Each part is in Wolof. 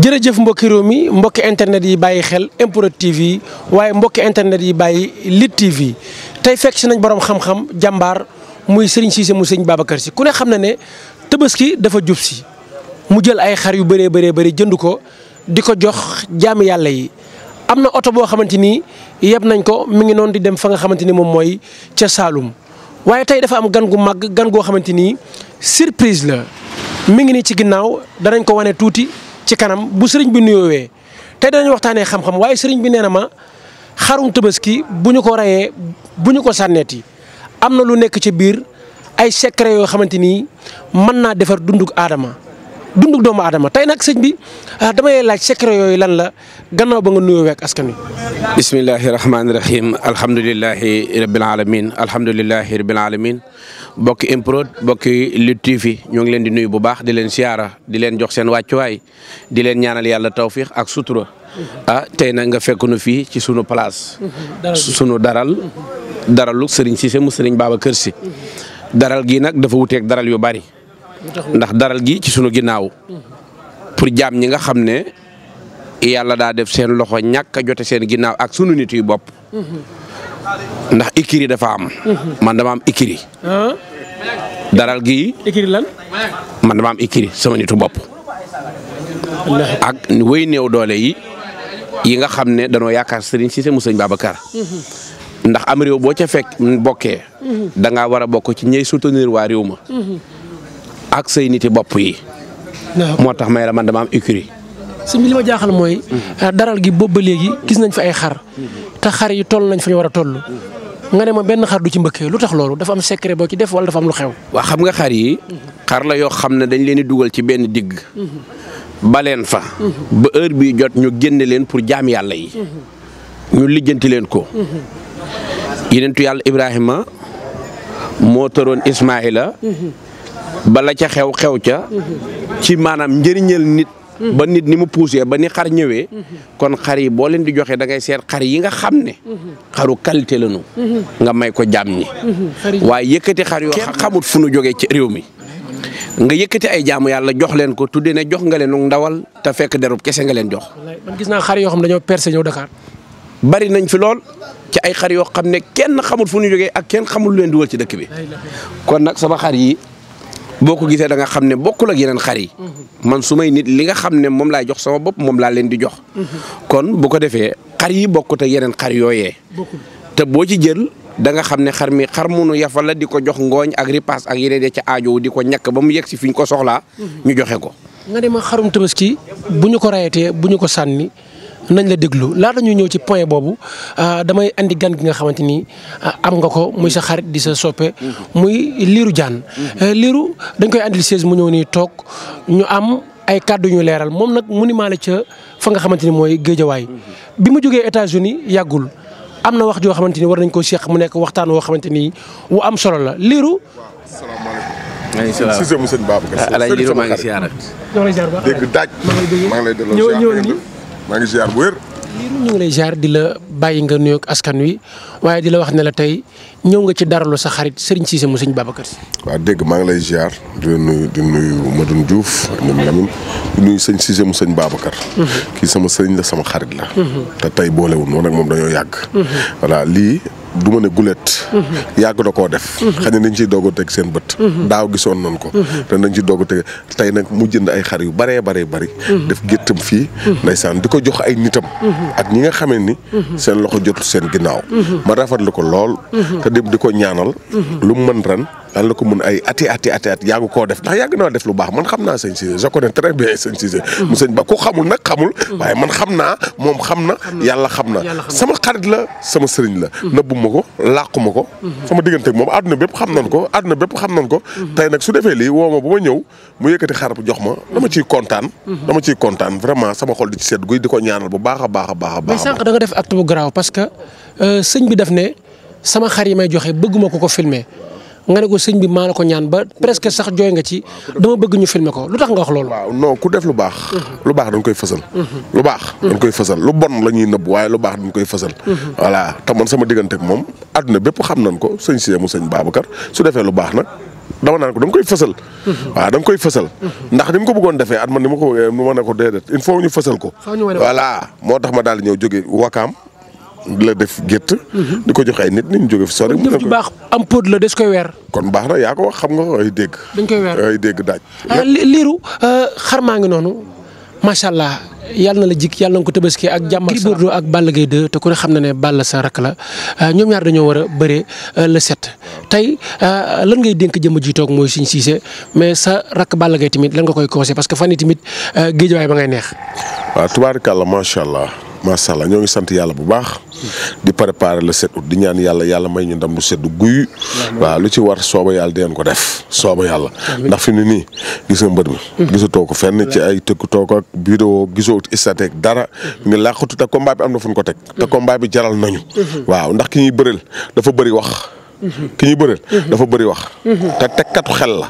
jërëjëf mbokki réew mi mbokki internet yi bàyyi xel MPROD TV waaye mbokki internet yi bàyyi Lutte TV tey fekk si nañ borom xam-xam jàmbaar muy sëriñ Cissé mu sëriñ Babacar si ku ne xam na ne tabaski dafa jub si mu jël ay xar yu bëree bëree bëri jënd ko di ko jox jaami yàlla yi. am na oto boo xamante ni yeb nañ ko mi ngi noonu di dem fa nga xamante ni moom mooy ca Saalum waaye tey dafa am gan gu mag gan goo xamante ni surprise la mi ngi nii ci ginnaaw danañ ko wane tuuti. ci kanam bu sëriñ bi nuyoowee tey danañ waxtaanee xam-xam waaye sëriñ bi nee na ma xarum tabaski bu ñu ko reyee bu ñu ko sànneeti am na lu nekk ci biir ay secret yoo xamante ni mën naa defar dunduk aadama dunduk doomu aadama tey nag sëñ bi ah, damay laaj secret yooyu lan la gannaaw ba nga nuyoo week askan wi. bismillahi rahmaani rahim alhamdulillahi rabbil alamin alhamdulillahi rabbil alamin bokki improd bokki Lutte TV ñoo ngi leen di nuyu bu baax di leen siyaara di leen jox seen wàccuwaay di leen ñaanal yàlla tawfiix ak sutura ah tey nag nga fekk nu fii ci sunu place sunu daral daralu sëriñ Cissé mu sëriñ kër si daral gi nag dafa wuteek daral yu bari ndax daral gi ci sunu ginnaaw pour jaam ñi nga xam ne yàlla daa def seen loxo ñàkk a jote seen ginnaaw ak sunu nit yu bopp mhm. ndax ikiri dafa am. Mhm. man dama am ikiri. daral gi ikiri lan. man dama am ikiri sama nitu bopp. ak woy néew doole yi yi nga xam ne danoo yaakaar Serigne Cissé mu sëñ Babacar. Mhm. ndax am réew boo ca fekk bokkee. Mhm. danga ngaa war a bokk ci ñey soutenir waa réew ma. ak sey niti bopp yi. moo tax may la man dama am ikiri. si li ma jaaxal mooy. Mm-hmm. Euh, daral gi boobu ba léegi gis nañ fi ay xar. te xar yi toll nañ fi ñu war a toll. Mm-hmm. nga ne ma benn xar du ci mbëkkee lu tax loolu dafa am secret boo ci def wala dafa am lu xew. waa xam nga xar yi. Mm-hmm. xar la yoo xam ne dañ leen di dugal ci benn digg. leen fa. ba heure bi jot ñu génne leen pour jaam yàlla yi. ñu lijjanti leen ko. yenentu yàlla Ibrahima moo tëroon Ismaïla. bala ca xew xew ca. ci maanaam njëriñal nit. ba nit ni mu poussé ba ni xar ñëwee. kon xar yi boo leen di joxee da ngay seet xar yi nga xam ne. xaru qualité la ñu. nga may ko jàmm ñi. waaye yëkkati xar yoo xamut fu nu jógee ci réew mi. nga yëkkati ay jaamu yàlla jox leen ko tudde ne jox nga leen ndawal te fekk derub kese nga leen jox. gis naa xar yoo xam dañoo percé ñëw Dakar. bari nañ fi lool ci ay xar yoo xam ne kenn xamul fu ñu jógee ak kenn xamul leen di dugal ci dëkk bi kon nag sama xar yi. boo ko gisee da nga xam ne bokkul ak yeneen xar yi. Mhm. man su may nit li nga xam ne moom laay jox sama bopp moom laa leen di jox. Mhm. kon bu ko defee xar yi bokkut ak yeneen xar yooyee. te boo ci jël da nga xam ne xar mi xar munu yafa la di ko jox ngooñ ak ripaas ak yeneen ya ca aajow di ko ñàkk ba mu yegg si fi ñu ko soxlaa. Mhm. ñu joxe ko. nga dem xarum tabaski bu ñu ko rayatee bu ñu ko sànni. nañ la déglu laata ñu ñëw ci point boobu euh, damay indi gan gi nga xamante ni euh, am nga ko muy sa xarit di sa soppe muy liiru Diane euh, liiru dañ koy andil siège mu ñëw nii toog ñu am ay kàddu ñu leeral moom nag mu ni maa la ca fa nga xamante ni mooy géejawaay bi mu jógee États-Unis yàggul am na wax joo xamante ni war nañ ko seeq mu nekk waxtaan woo xamante ni wu am solo la liiru maaleykum salaam ngi siyaara. dégg daaj. maa ngi ziar bu wér. liiru ñu ngi lay ziar di la bàyyi nga nuyoog askan wi waaye di la wax ne la tey ñëw nga ci dara daralu sa xarit sëriñ Cissé mu sëñ Babacar Sy. waaw dégg maa lay ziar di nuyu di nuyu Madoune Diouf ñoom sëñ Cissé mu sëñ Babacar. Mhm. kii sama sëriñ la sama xarit la. Mhm. te tey boolewul noonu ak moom dañoo yàgg. Mhm. voilà lii. du ma ne gulet. Mhm. yàgg da koo def. Mhm. xëy na dañ ci doog teg seen bët. Mhm. daaw gisoon nañ ko. te dañ ciy doog te teg tey nag mu jënd ay xar yu baree baree bari. def géttam fii. ndeysaan di ko jox ay nitam. ak ñi nga xamee ni. seen loxo jotul seen ginnaaw. ma lu ko lool. te dem di ko ñaanal. lu mu mën ren. yàlla na ko mun ay ati ati ati at yàgg koo def ndax yàgg naa def lu baax man xam naa sëñ Cissé je connais très bien sëñ Cissé mm. mu sëñ ba ku xamul nag xamul mm. waaye man xam naa moom xam na yàlla xam na sama xarit la sama sëriñ la mm. nëbbu ma ko làqu ma ko sama diggante moom àdduna bépp xam nañ ko àdduna bépp xam nañ ko tey nag su defee lii woo ma bu ma ñëw mu yëkkati xar jox ma dama ciy kontaan mm-hmm. dama ciy kontaan vraiment sama xol di ci sedd guy di ko ñaanal bu baax a baax a baaxa a baax sànq da nga def acte bu que euh, sëñ bi def ne sama xar yi may joxe bëgguma ko ko filmer nga ne ko sëñ bi maa la ko ñaan ba presque sax jooy nga ci dama bëgg ñu filmer ko lu tax nga wax loolu. waaw ku def lu baax. Mhm. lu baax mhm. mhm. dañ koy fësal. lu bon la ñuy nëbb waaye lu baax dañ koy fësal. voilà te man sama diggante ak moom àdduna bépp xam nañ ko sëñ Cissé mu sëñ Babacar su defee lu baax nag. dama ko da nga koy fësal. waaw da nga koy fësal. ni mu ko bëggoon defee at man ni ma ko bëggee eh, ma ne ko déedéet il faut ñu fësal ko. voilà moo tax ma daal ñëw jóge Wakaam. la def gétt. Mhm. di ko joxee ay nit ñu jóge fi sori. mu def baax am pod la des koy weer. kon baax na yaa ko wax xam nga dégg. dañ koy weer ay dégg daaj. Ah, liiru euh, xar maa ngi noonu macha allah yàlla na la jik yàlla na ko tabaski ak. jàmm ak Bordeaux ak Balla te ku ne xam na ne Balla sa rakk la euh, ñoom ñaar dañoo war a bëre euh, le set tey lan ngay dénk jëmm ji toog mooy Serigne Cissé mais sa rakk Balla Gaye tamit lan nga koy conseillé parce que fan yii tamit géej waay ba ngay neex. waaw tubaarkàlla macha allah. macha la ñoo ngi sant yàlla bu baax. di préparer la 7 août di ñaan yàlla yàlla may ñu ndam lu sedd guy. waaw lu ci war sooba yàlla dinañ ko def sooba yàlla. ndax fi mu ne nii gis nga mbër mi. gisatoo ko fenn ci ay tëkk toog ak vidéo gisoo statique dara. nga làqatu te combat bi am na fu ko teg. te combat bi jaral nañu. waaw ndax ki ñuy bëreel dafa bëri wax. ki ñuy bëreel dafa bëri wax te tekkatu xel la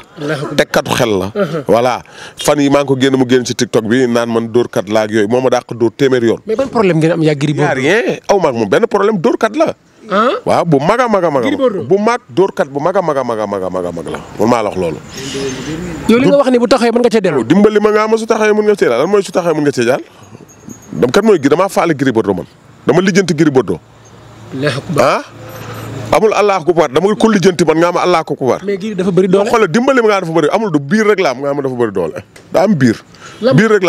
tekkatu xel la voilà fan yi maa ngi ko génn mu génn ci tiktok bi naan man door la ak yooyu moom a daa ko téeméer yoon mais ban problème ngeen am yaa Gris Bordeaux rien aw maag moom benn problème dóorkat la ah? waaw bu mag a mag a mag bu mag dóorkat bu mag a mag a mag a mag a mag mag la man maa la wax loolu yow li nga wax ni bu taxawee man nga cee dellu dimbali ma nga ama su tax mën nga cee daal lan mooy su taxawee mën nga cee daal dam kat mooy gi damaa faale Gris Bordeaux man dama lijjanti Gris Bordeaux amul allah ku par dama ko lijjanti man nga am allah ku par. mais gii dafa bëri doole xoolal dimbali ma nga dafa bëri amul du biir rek am nga am dafa bëri doole. daa biir. biir rek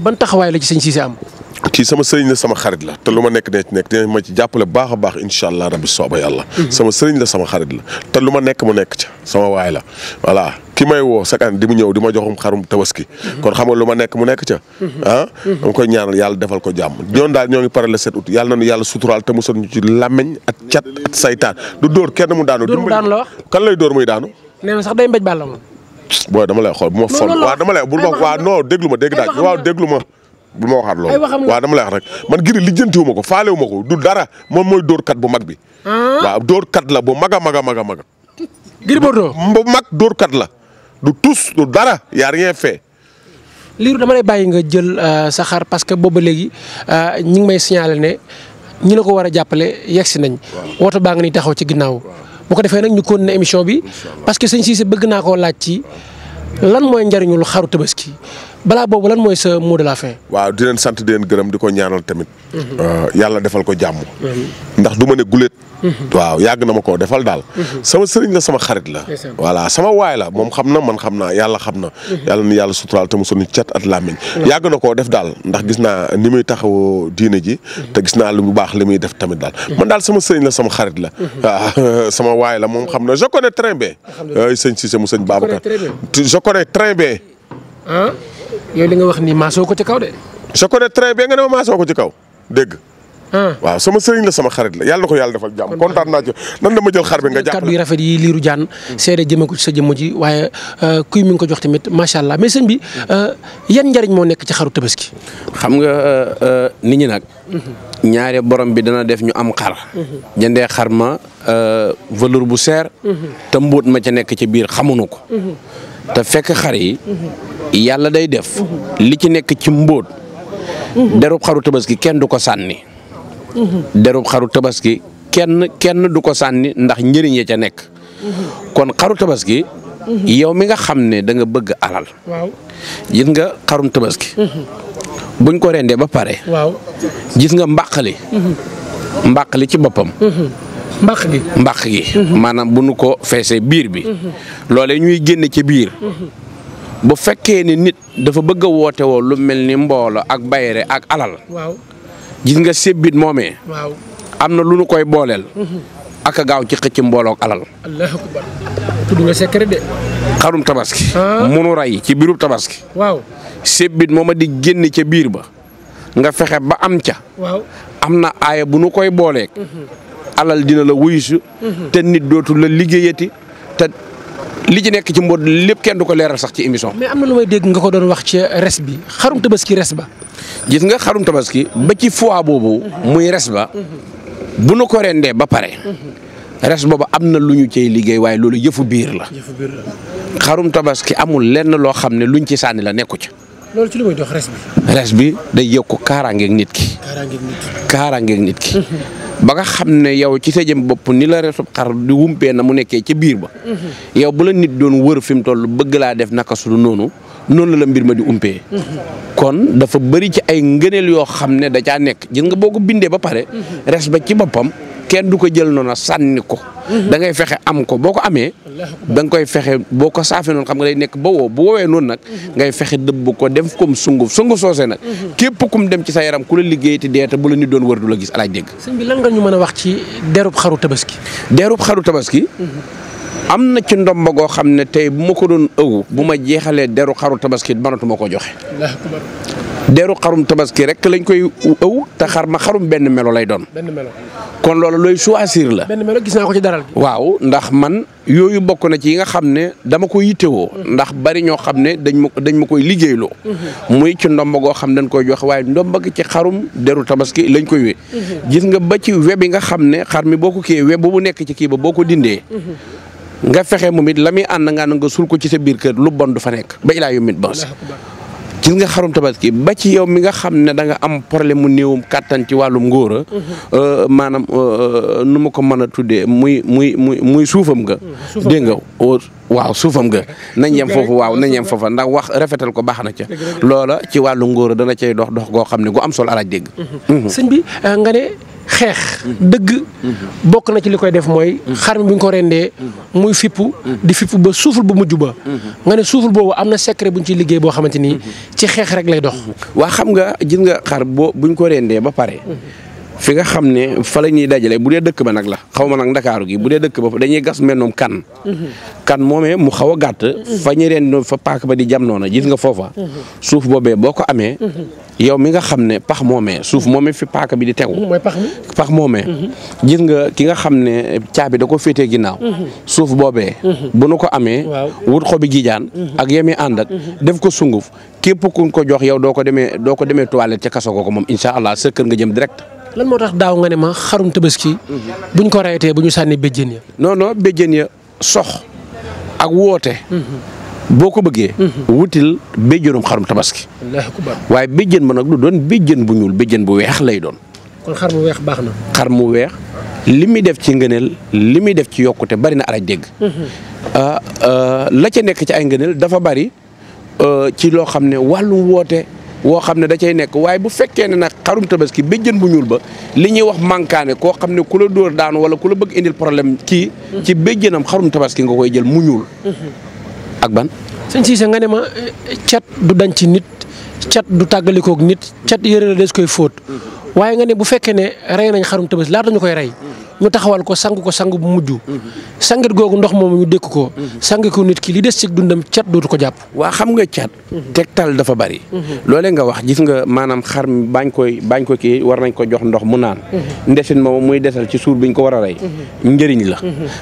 ban taxawaay la ci sëñ Cissé kii sama sëriñ la sama xarit la te lu ma nekk ne nekk dina ma ci jàppale baax a baax incha allah rabbi sooba yàlla. Mhm. sama sëriñ la sama xarit la te lu ma nekk mu nekk ca sama waay la voilà ki may woo chaque année di mu ñëw di ma joxum xarum tabaski. Mhm. kon xam nga lu ma nekk mu nekk ca. Mhm. ah koy ñaanal yàlla defal ko jàmm ñoon daal ñoo ngi pare le 7 août yàlla suturaal te musal ñu ci làmmeñ ak cat ak saytaan du dóor kenn mu daanu. dóor mu daanu la wax kan lay dóor muy daanu. nee na sax day mbéj bàll moom. booy dama lay bu ma fon waaw dama lay bu ma waaw non déglu ma dégg daaj waaw bu ma waxaat loolu waaw dama lay wax rek man giri lijjantiwu ma ko faalewu ma ko du dara moom mooy dóorkat bu mag bi ah. waaw dóorkat la bu mag a mag mag a mag Gris bu mag dóorkat la du tus du dara y a rien fait liiru dama lay bàyyi nga jël euh, sa xar parce que booba léegi euh, ñi ngi may signaler ne ñi ne ko war a jàppale yegsi nañ woto baa nga ni taxaw ci ginnaaw bu ko defee nag ñu continuer émission bi parce que sëñ Cissé bëgg naa koo laaj ci lan mooy njariñul xaru tabaski balaa boobu lan mooy sa mot de la fin. waaw di leen sant di leen gërëm di ko ñaanal tamit. Mhm. Euh, yàlla defal ko jàmm. Mhm. ndax du ma ne guléet. Mhm. waaw yàgg na ma koo defal daal. sama sëriñ la sama xarit la. voilà sama waay la moom xam na man xam naa yàlla xam na. yàlla na yàlla suturaal te mu sunu cat yàgg na koo def daal ndax gis naa ni muy taxawoo diine ji. gis naa lu baax li muy def tamit daal. man daal sama sëriñ la sama xarit la. Ah, sama waay la moom xam na je connais très bien. sëñ Cissé mu sëñ Babacar je connais yow li nga wax nii maasoo ko ci kaw de. je connais très bien nga ne ma maasoo ko ci kaw dégg ah. waaw sama sëriñ la sama xarit la yàlla ko yàlla defal jàmm kontaan naa ci nan dama jël xar bi nga jàppale hmm. ci sa jëmm ji waaye euh, kuy mi ngi ko jox tamit macha allah mais bi hmm. euh, yan njariñ moo nekk ci xaru tabaski xam nga euh, nit ñi nag hmm. ñaare borom bi dana def ñu am xar jëndee xar ma valeur bu seer te ma ca nekk ci biir xamuñu ko te fekk xar yi yàlla day def li ci nekk ci mbóot derub xaru tabaski kenn du ko sànni derub xaru tabaski kenn kenn du ko sànni ndax njëriñ ya ca nekk kon xaru tabaski yow mi nga xam ne danga bëgg alal gis nga xarum tabaski buñ ko rendee ba pare gis nga mbàqali mm-hmm. mbàqali ci boppam mm-hmm. mbaq gi mbaq gi. maanaam bu nu ko feesee biir bi. loole ñuy génne ci biir. bu fekkee ni nit dafa bëgg a woote woo lu mel ni mbooloo ak bayre ak alal. waaw gis nga sébbit moomee. am na lu nu koy booleel. ak a gaaw ci xëcc mbooloo ak alal. allahu xarum tabaski. Ah. munu rey ci biirub tabaski. waaw sébbit mooma di génne ca biir ba. nga fexe ba am ca. waaw am na aaya bu nu koy booleeg. alal dina la wuyusu mhm. te nit dootu la liggéeyati te li ci nekk ci mbot lépp kenn du ko leeral sax ci émission mais am na lu may dégg nga ko doon wax ci res bi xarum tabaski res ba gis nga xarum tabaski ba ci foie boobu mhm. muy res ba mhm. bu nu ko rendee ba pare res boobu am na lu ñu cay liggéey waaye loolu yëfu biir la xarum tabaski amul lenn loo xam ne luñ ci sànni la nekku ci loolu ci li muy dox res bi. bi day yokk kaaraangeeg nit ki. kaaraangeeg nit ki. nit ki. ba nga xam ne yow ci sa jëm bopp ni la resub xar di wumpee na mu nekkee ci biir ba. Mhm. yow bu la nit doon wër fi mu toll bëgg laa def naka su noonu noonu la la mbir ma di umpee. Mhm. kon dafa bëri ci ay ngëneel yoo xam ne da caa nekk gis nga boo ko bindee ba pare. Mhm. res ba ci boppam. kenn du ko jël noonu sànni ko. Mhm. dangay fexe am ko boo ko amee. da nga koy fexe boo ko saafee noonu xam nga day nekk ba woo bu woowee noonu nag. Mhm. ngay fexe dëbb ko def comme sunguf sunguf soosee nag. Mhm. képp kum dem ci sa yaram ku la liggéey te deeta bu la nit doon war du la gis alaaj dégg. sëñ bi lan nga ñu mën a wax ci derub xaru tabaski. derub xaru tabaski. am na ci ndomba goo xam ne tey bu ma ko doon ëw bu ma jeexalee deru xaru tabaski mënatu ko joxe. deru xarum tabaski rek lañ koy ëw te xar ma xarum benn melo lay doon. benn melo kon loolu looy choisir la. benn melo gis ko ci daral waaw ndax man yooyu bokk na ci yi nga xam ne dama ko yittewoo. Mm-hmm. ndax bari ñoo xam ne dañ ma dañ ma koy liggéeyloo. Mm-hmm. muy ci ndomba goo xam dañ koy joxe waaye ndomba ci xarum deru tabaski lañ koy wé. Mm-hmm. gis nga ba ci web yi nga xam ne xar mi boo ko kiiyee web bu nekk ci kii ba boo ko dindee. nga fexe moom it la muy ànd nga sul ko ci sa biir kër lu bon du fa nekk ba ilaa yu mit bons gis nga xarum tabaski ba ci yow mi nga xam ne danga am problème mu néewum kàttan ci wàllum ngóora mm-hmm. euh, maanaam euh, euh, nu ma ko mën a tuddee muy muy muy muy suufam nga mm-hmm. dégg nga waaw suufam nga nañ yem foofu waaw nañ yem foofa ndax wax rafetal ko baax na ca loola ci wàllu ngóora dana cay dox dox goo xam ne gu am solo alaaj dégg mm-hmm. sëñ bi nga ne xeex dëgg bokk na ci li koy def mooy xar mi buñ ko rendee muy fippu di fippu ba suuful bu mujj ba nga ne suuful boobu am na secret bu ñu ciy liggéey boo xamante ni ci xeex rek lay dox waa xam nga gis nga xar boo buñ ko reendee ba pare fi nga xam ne fa la ñuy dajale bu dee dëkk ba nag la xaw ma nag ndakaaru gi bu dee dëkk ba dañuy gas mel noonu kan. kan moome mu xaw a gàtt. fa ñu fa paak ba di jam noona gis nga foofa. suuf boobee boo ko amee. yow mi nga xam ne pax moomee suuf moomee fi paaka bi di tegu. mooy pax mi pax moomee. nga ki nga xam ne caabi da ko féetee ginnaaw. suuf boobee. bu ko amee. wut xobi gijaan ak yemi ànd ak. def ko sunguf képp kuñ ko jox yaw doo ko demee doo ko demee toilette ca kaso ko moom incha allah sa kër nga jëm direct. lan moo tax daaw nga ne ma xarum tabaski buñ ko rayetee bu ñu sànni béjjén ya non non ya sox ak woote boo ko bëggee wutil béjjénum xarum tabaski waaye béjjén ba nag du doon béjjén bu ñuul béjjén bu weex lay doon kon xar mu weex baax na xar mu weex li muy def ci ngëneel li muy def ci yokkute bari na araj dégg mhm. ah, ah, la ca nekk ci ay ngëneel dafa bari euh, ci loo xam ne wàllum woote woo xam ne da cay nekk waaye bu fekkee ne nag xarum tabaski béjjën bu ñuul ba li ñuy wax mànkaane koo xam ne ku la dóor daanu wala ku la bëgg indil problème ki ci béjjënam xarum tabaski nga koy jël mu ñuul ak ban sëñ Cissé nga ne ma cat du dañ ci nit cat du tàggalikoog nit cat yëre la des koy fóot mm-hmm. waaye nga ne bu fekkee ne rey nañ xarum tabaski laata ñu koy rey ñu taxawal ko sang ko sang bu mujj. sangit googu ndox moomu ñu dékk ko. sang ko nit ki li des ci dundam cat dootu ko jàpp. waa xam nga cat. tegtal dafa bari. loolee nga wax gis nga maanaam xar mi bañ koy ko kii war nañ ko jox ndox mu naan. ndesin moom muy desal ci suur biñ ko war a la.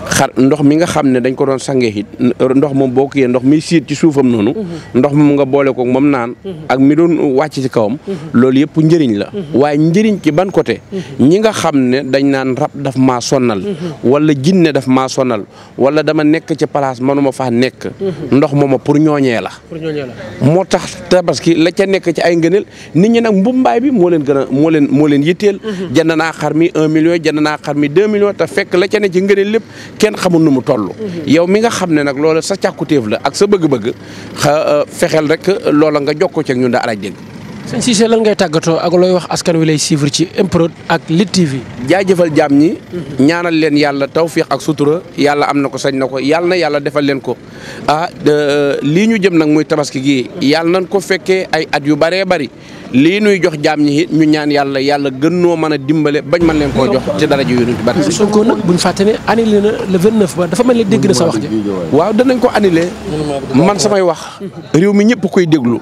xar ndox mi nga xam ne dañ ko doon sangee it ndox moom boo kiyee ndox mi siit ci suufam noonu. ndox mu nga boole ko moom naan. ak mi doon wàcc ci kawam. loolu yëpp njëriñ la. waaye njëriñ ci ban côté. ñi nga xam ne dañ naan rab daf maa sonal. Mhm. wala jinne daf ma sonal wala dama nekk ci place manuma faa nekk. Mhm. ndox mooma pour ñooñee la. pour la moo tax tabaski la ca nekk ci ay ngëneel nit ñi nag mbumbaay bi moo leen gën moo leen moo leen yitteel. Mhm. jënd naa xar mi un million jënd naa xar mi deux millions te fekk la ca ne ci ngëneel lépp kenn xamul nu mu toll. yow mi nga xam ne nag loolu sa càkkutéef la ak sa bëgg-bëgg euh, fexeel rek loola nga jokkoo ci ak ñun da alaaj dégg sëñ Cissé lan ngay tàggatoo ak looy wax askan wi lay suivre ci MPROD ak Lutte TV. jaajëfal jaam ñi. Mhm. ñaanal leen yàlla tawfiq ak sutura yàlla am na ko sañ na ko yàlla yàlla defal leen ko ah euh, lii ñu jëm nag muy tabaski gi yàlla nañ ko fekkee ay at yu bëree bëri. lii nuy jox jaam ñi ñu ñaan yàlla yàlla gën noo mën a dimbale bañ man leen koo jox ci dara ji yonent barke Sonko nag buñ fàtte ne annulé na le 29 ba dafa mel ni dégg na sa wax waaw danañ ko annulé man samay wax réew mi ñëpp koy déglu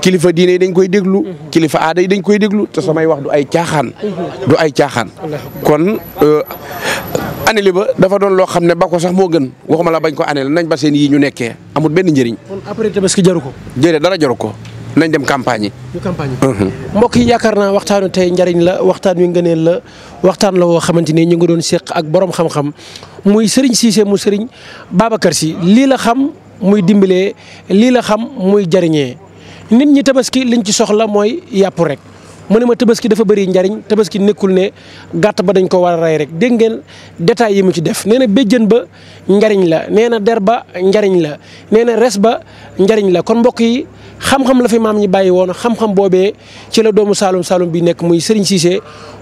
kilifa diine yi dañ koy déglu kilifa aada yi dañ koy déglu te samay wax du ay caaxaan ay caaxaan kon euh, annulé ba dafa doon loo xam ne ba sax moo gën waxuma la bañ ko annulé nañ ba seen yii ñu nekkee amul benn njëriñ kon après tabaski jaru ko jëre dara jaru ko nañ dem campagne yi. ñu mhm. mbokk yi yaakaar naa waxtaanu tey njariñ la waxtaan wi ngëneel la waxtaan la woo xamante ni ñu ngi doon séq ak borom xam-xam muy Serigne Cissé mu Serigne Babacar Sy lii la xam muy dimbalee lii la xam muy jariñee nit ñi tabaski liñ ci soxla mooy yàpp rek. mu ne ma tabaski dafa bëri njariñ tabaski nekkul ne gàtt ba dañ ko war a rey rek dégg ngeen détails yi mu ci def nee na béjjën ba njariñ la nee na der ba njariñ la nee na res ba njariñ la kon mbokk yi xam-xam la fi maam ñi bàyyi woon xam-xam boobee ci la doomu Saloum Saloum bi nekk muy Serigne Cissé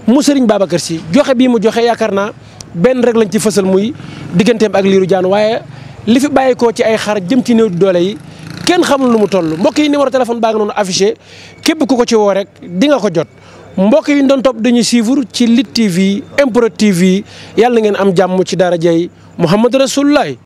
mu Serigne Babacar si joxe bii mu joxe yaakaar naa benn rek lañ ci fësal muy digganteem ak liiru jaan waaye li fi bàyyeekoo ci ay xar jëm ci néew doole yi kenn xamul lu mu toll mbokk yi numéro téléphone baa nga noonu affiché képp ku ko ci woo rek di nga ko jot. mbokk yi ñu doon topp dañuy suivre ci Lutte TV Impro TV yàlla ngeen am jàmm ci dara jëy Mouhamadou Rasulullah